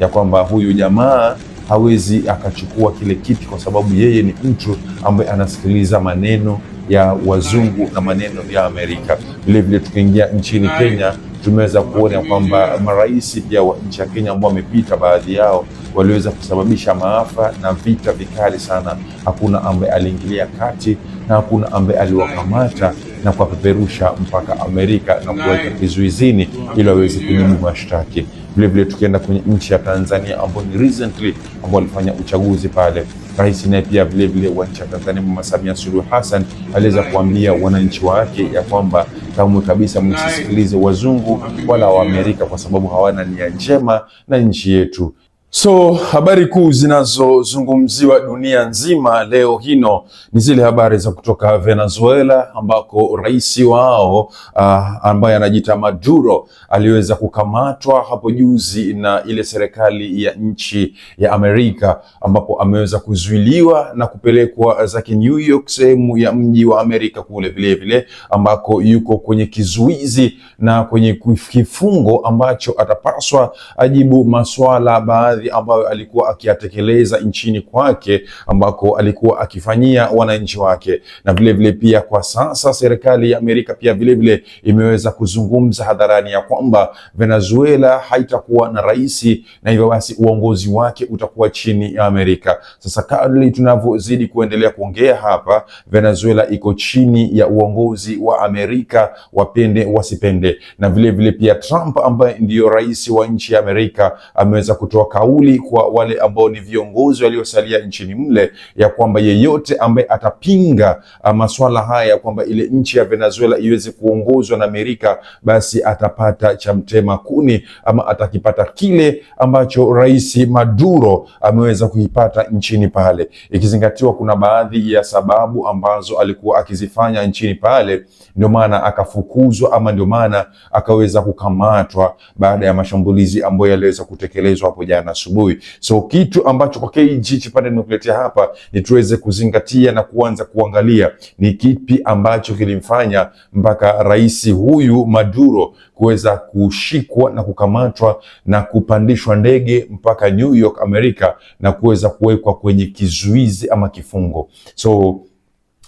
ya kwamba huyu jamaa hawezi akachukua kile kiti kwa sababu yeye ni mtu ambaye anasikiliza maneno ya wazungu na maneno ya Amerika. Vilevile tukiingia nchini Kenya, tumeweza kuona kwamba marais pia wa nchi ya Kenya ambao wamepita, baadhi yao waliweza kusababisha maafa na vita vikali sana. Hakuna ambaye aliingilia kati na hakuna ambaye aliwakamata na kuwapeperusha mpaka Amerika na kuweka kizuizini ili waweze kujibu mashtaki. Vilevile tukienda kwenye nchi ya Tanzania ambao ni recently ambao walifanya uchaguzi pale, rais naye pia vilevile wa nchi ya Tanzania Mama Samia Suluhu Hassan aliweza kuambia wananchi wake ya kwamba kamwe kabisa, msisikilize wazungu wala Waamerika kwa sababu hawana nia njema na nchi yetu. So habari kuu zinazozungumziwa dunia nzima leo hino ni zile habari za kutoka Venezuela ambako rais wao uh, ambaye anajiita Maduro aliweza kukamatwa hapo juzi na ile serikali ya nchi ya Amerika, ambapo ameweza kuzuiliwa na kupelekwa zake New York, sehemu ya mji wa Amerika kule vilevile, ambako yuko kwenye kizuizi na kwenye kifungo ambacho atapaswa ajibu maswala baadhi baadhi ambayo alikuwa akiyatekeleza nchini kwake ambako alikuwa akifanyia wananchi wake, na vilevile vile pia kwa sasa serikali ya Amerika pia vilevile vile imeweza kuzungumza hadharani ya kwamba Venezuela haitakuwa na rais, na hivyo basi uongozi wake utakuwa chini ya Amerika. Sasa kadri tunavyozidi kuendelea kuongea hapa, Venezuela iko chini ya uongozi wa Amerika, wapende wasipende, na vilevile vile pia Trump ambaye ndiyo rais wa nchi ya Amerika ameweza kutoa kauli kwa wale ambao ni viongozi waliosalia nchini mle ya kwamba yeyote ambaye atapinga ah, masuala haya kwamba ile nchi ya Venezuela iweze kuongozwa na Amerika, basi atapata cha mtema kuni ama atakipata kile ambacho Rais Maduro ameweza kuipata nchini pale, ikizingatiwa kuna baadhi ya sababu ambazo alikuwa akizifanya nchini pale, ndio maana akafukuzwa ama ndio maana akaweza kukamatwa baada ya mashambulizi ambayo yaliweza kutekelezwa hapo jana asubuhi. So kitu ambacho kwa KG chipande nimekuletea hapa ni tuweze kuzingatia na kuanza kuangalia ni kipi ambacho kilimfanya mpaka rais huyu Maduro kuweza kushikwa na kukamatwa na kupandishwa ndege mpaka New York Amerika na kuweza kuwekwa kwenye kizuizi ama kifungo so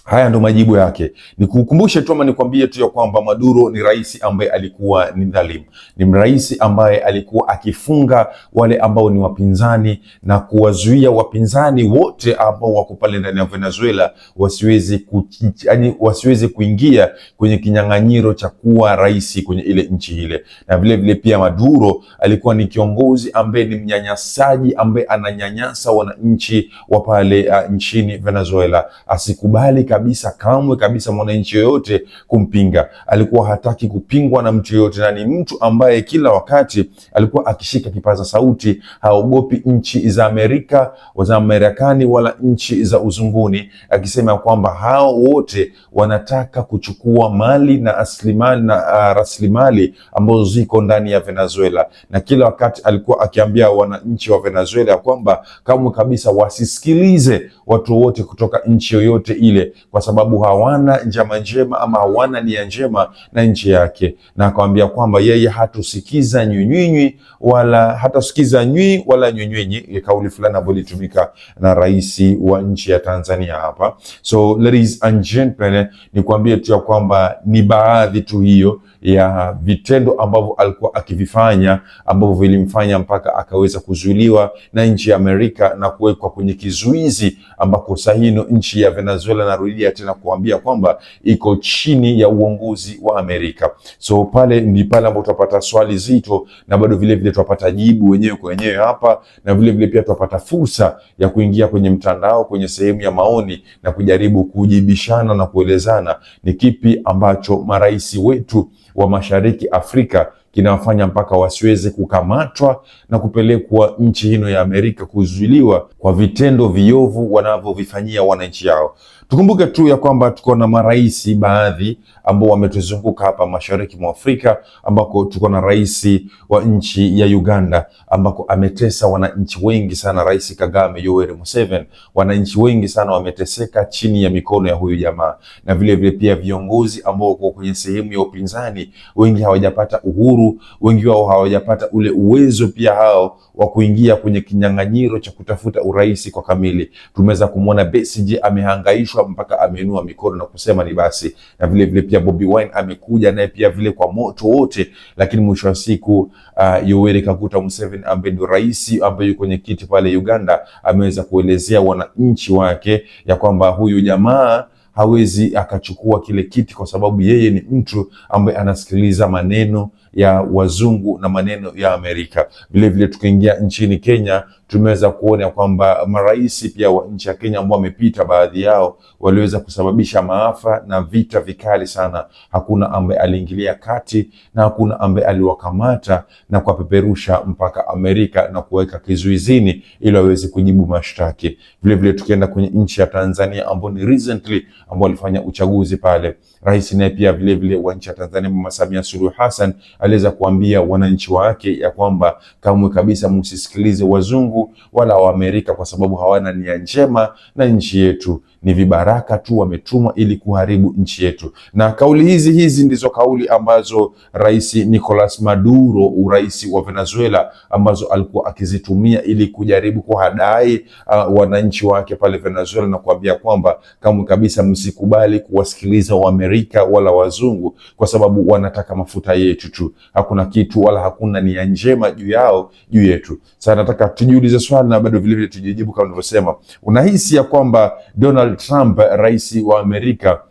Haya ndo majibu yake. Nikukumbushe tu ama nikwambie tu ya kwamba Maduro ni rais ambaye alikuwa ni dhalimu, ni rais ambaye alikuwa akifunga wale ambao ni wapinzani na kuwazuia wapinzani wote ambao wako pale ndani ya Venezuela wasiwezi ku, yani wasiwezi kuingia kwenye kinyang'anyiro cha kuwa rais kwenye ile nchi ile. Na vile vile pia Maduro alikuwa ni kiongozi ambaye ni mnyanyasaji ambaye ananyanyasa wananchi wa pale uh, nchini Venezuela. Asikubali kabisa, kamwe kabisa mwananchi yoyote kumpinga. Alikuwa hataki kupingwa na mtu yoyote, na ni mtu ambaye kila wakati alikuwa akishika kipaza sauti, haogopi nchi za Amerika za Marekani wala nchi za uzunguni, akisema kwamba hao wote wanataka kuchukua mali na aslimali na uh, rasilimali ambazo ziko ndani ya Venezuela, na kila wakati alikuwa akiambia wananchi wa Venezuela kwamba kamwe kabisa wasisikilize watu wote kutoka nchi yoyote ile, kwa sababu hawana njama njema ama hawana nia njema na nchi yake, na akamwambia kwamba yeye hatusikiza nywinywinywi wala hatasikiza nywi wala nywinywinyi, kauli fulani ambayo ilitumika na rais wa nchi ya Tanzania hapa. So ladies and gentlemen, ni nikwambie tu ya kwamba ni baadhi tu hiyo ya vitendo ambavyo alikuwa akivifanya ambavyo vilimfanya mpaka akaweza kuzuiliwa na nchi ya Amerika na kuwekwa kwenye kizuizi ambako sahino nchi ya Venezuela na amerejea tena kuambia kwamba iko chini ya uongozi wa Amerika. So pale ni pale ambapo tutapata swali zito na bado vile vile tutapata jibu wenyewe kwa wenyewe hapa, na vile vile pia tutapata fursa ya kuingia kwenye mtandao, kwenye sehemu ya maoni na kujaribu kujibishana na kuelezana ni kipi ambacho marais wetu wa Mashariki Afrika kinawafanya mpaka wasiweze kukamatwa na kupelekwa nchi hino ya Amerika kuzuiliwa kwa vitendo viovu wanavyovifanyia wananchi yao. Tukumbuke tu ya kwamba tuko na marais baadhi ambao wametuzunguka hapa mashariki mwa Afrika, ambako tuko na rais wa nchi ya Uganda ambako ametesa wananchi wengi sana, Rais Kagame Yoweri Museveni. Wananchi wengi sana wameteseka chini ya mikono ya huyu jamaa, na vile vile pia viongozi ambao wako kwenye sehemu ya upinzani, wengi hawajapata uhuru, wengi wao hawajapata ule uwezo pia hao wa kuingia kwenye kinyang'anyiro cha kutafuta urais kwa kamili. Tumeweza kumwona Besigye amehangaishwa sababu mpaka ameinua mikono na kusema ni basi. Na vile vile pia Bobi Wine amekuja naye pia vile kwa moto wote, lakini mwisho wa siku uh, Yoweri Kaguta Museveni ambaye ndio rais ambaye yuko kwenye kiti pale Uganda ameweza kuelezea wananchi wake ya kwamba huyu jamaa hawezi akachukua kile kiti, kwa sababu yeye ni mtu ambaye anasikiliza maneno ya wazungu na maneno ya Amerika. Vilevile tukiingia nchini Kenya, tumeweza kuona kwamba marais pia wa nchi ya Kenya ambao wamepita, baadhi yao waliweza kusababisha maafa na vita vikali sana. Hakuna ambaye aliingilia kati na hakuna ambaye aliwakamata na kuwapeperusha mpaka Amerika na kuweka kizuizini ili waweze kujibu mashtaki. Vilevile tukienda kwenye nchi ya Tanzania ambao ni recently ambao walifanya uchaguzi pale Rais naye pia vilevile wa nchi ya Tanzania Mama Samia Suluhu Hassan aliweza kuambia wananchi wake ya kwamba kamwe kabisa msisikilize wazungu wala Amerika kwa sababu hawana nia njema na nchi yetu, ni vibaraka tu wametumwa ili kuharibu nchi yetu. Na kauli hizi hizi ndizo kauli ambazo Rais Nicolas Maduro, urais wa Venezuela, ambazo alikuwa akizitumia ili kujaribu kuhadai uh, wananchi wake pale Venezuela na kuambia kwamba kamwe kabisa msikubali kuwasikiliza Amerika. Waamerika wala wazungu, kwa sababu wanataka mafuta yetu tu, hakuna kitu wala hakuna nia njema juu yao juu yetu. Sasa nataka tujiulize swali na bado vilevile tujijibu kama nilivyosema. Unahisi ya kwamba Donald Trump, rais wa Amerika,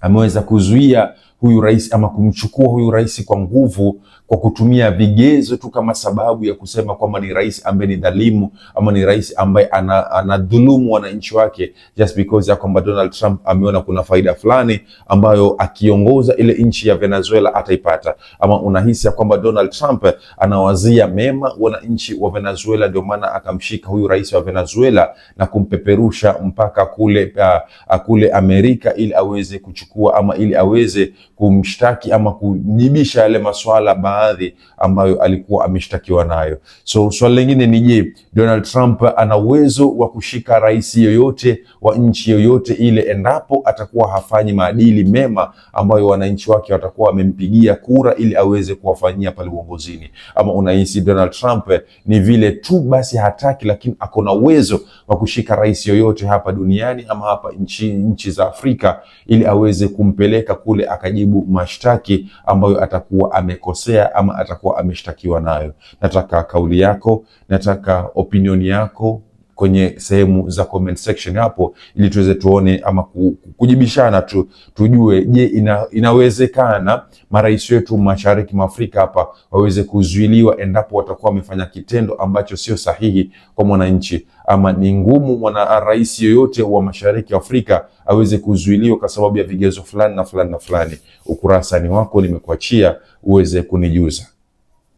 ameweza kuzuia huyu rais ama kumchukua huyu rais kwa nguvu kwa kutumia vigezo tu kama sababu ya kusema kwamba ni rais ambaye ni dhalimu ama ni rais ambaye anadhulumu ana wananchi wake just because ya kwamba Donald Trump ameona kuna faida fulani ambayo akiongoza ile nchi ya Venezuela ataipata. Ama unahisi ya kwamba Donald Trump anawazia mema wananchi wa Venezuela, ndio maana akamshika huyu rais wa Venezuela na kumpeperusha mpaka kule, uh, kule Amerika ili aweze kuchukua ama ili aweze kumshtaki ama kujibisha yale maswala baadhi ambayo alikuwa ameshtakiwa nayo. So swali lingine ni je, Donald Trump ana uwezo wa kushika rais yoyote wa nchi yoyote ile endapo atakuwa hafanyi maadili mema ambayo wananchi wake watakuwa wamempigia kura ili aweze kuwafanyia pale uongozini? Ama unahisi Donald Trump ni vile tu basi hataki, lakini ako na uwezo wa kushika rais yoyote hapa duniani ama hapa nchi, nchi za Afrika ili aweze kumpeleka kule akajibu kujibu mashtaki ambayo atakuwa amekosea ama atakuwa ameshtakiwa nayo. Nataka kauli yako, nataka opinioni yako kwenye sehemu za comment section hapo, ili tuweze tuone ama kujibishana tu, tujue je, ina, inawezekana marais wetu mashariki mwa Afrika hapa waweze kuzuiliwa endapo watakuwa wamefanya kitendo ambacho sio sahihi kwa mwananchi, ama ni ngumu mwana rais yoyote wa mashariki Afrika aweze kuzuiliwa kwa sababu ya vigezo fulani na fulani na fulani. Ukurasani wako nimekuachia uweze kunijuza.